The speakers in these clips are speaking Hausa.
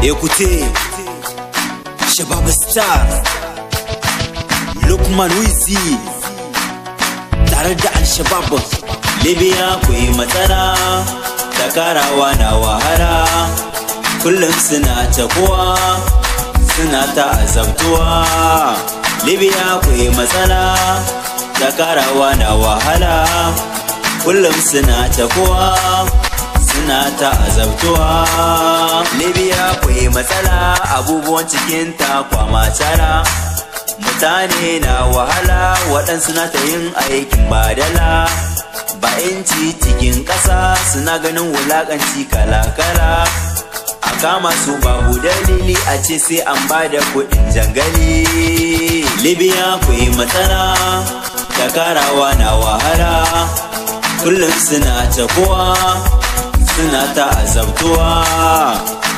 Écoutez, Shabab Star, Lukman Wizi, tare da Al-Shabab. Libya Kui Matara, Takara wana karawa wahara, kullum suna Kua, suna ta azabtuwa. Libya Kui Matara, matsala, da karawa na wahala, kullum suna takuwa. ana ta azabtuwa libya kwai matsala abubuwan cikin ta kwama tara mutane na wahala waɗansu na ta yin aikin badala ba cikin ƙasa suna ganin wulaƙanci kala-kala a kama su babu dalili a ce sai an ba da kuɗin jangali libya ku matsala da karawa na wahala kullum suna ta kowa suna ta azabtuwa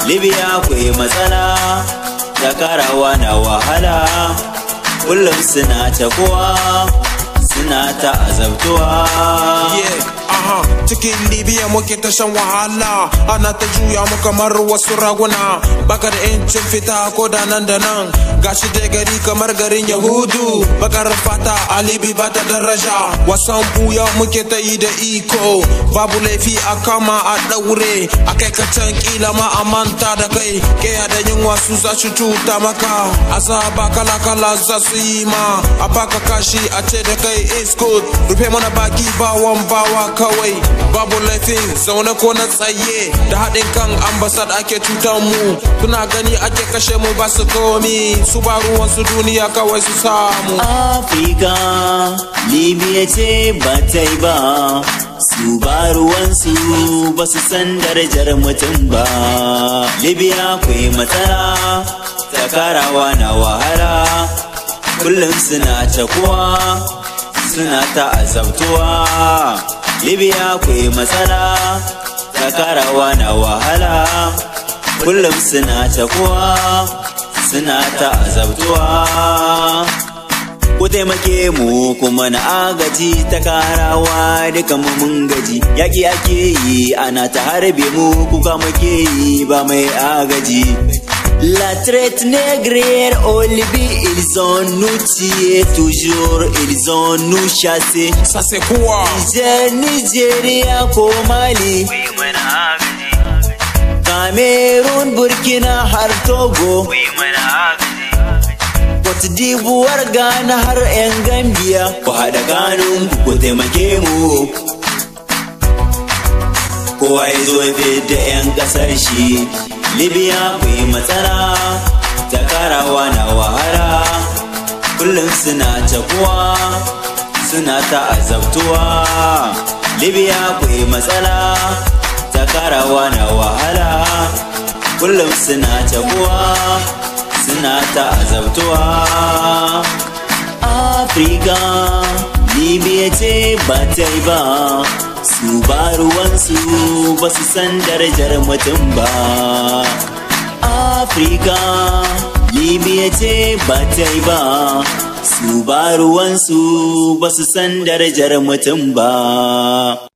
libya yi matsala takarawa karawa na wahala kullum suna ta kuwa suna ta azabtuwa yeah. ha cikin libya muke ta shan wahala ana ta juya mu kamar wasu raguna baka da yancin fita ko da nan da nan gashi dai gari kamar garin yahudu bakar fata alibi ba ta daraja wasan buya muke ta yi da iko babu laifi a kama a daure a kai ka can kila ma a manta da kai ke da yunwa su za su cuta maka ba kala kala za su yi ma a baka kashi a ce da kai iskut rufe mana baki bawan bawa kawai kawai babu laifin zaune ko na tsaye da haɗin kan ambasad ake cutar mu suna gani ake kashe mu ba su komi su ba ruwan su duniya kawai su samu afirka libya ce ba ta yi ba su ba su ba su san darajar mutum ba libya kai matsala ta karawa na wahala kullum suna ta kuwa suna ta azabtuwa Libya akwai matsala ta karawa na wahala kullum suna ta kuwa suna ta azabtuwa ku taimake mu kuma na agaji ta karawa duka mun gaji yaƙi ake yi ana ta harbe mu kuka muke yi ba mai agaji La traite négrière au Libye, ils ont nous tué toujours, ils ont nous chassé Ça c'est quoi Niger, Nigeria, Comali, Mali. Cameroun, Burkina, Hartogo Togo. Côte d'Ivoire, Ghana, har Gambia. Ku haɗa kanun ku taimake libya ku yi matsala ta karawa na wahara kullum suna cakuwa suna ta azabtuwa libya ku yi matsala ta karawa na wahala kullum suna cakuwa suna ta azabtuwa afrika libya ce ba ta yi ba su ba ruwansu ba su san darajar mutum ba afirka libya ce ba ta yi ba su ba ruwansu ba su san darajar mutum ba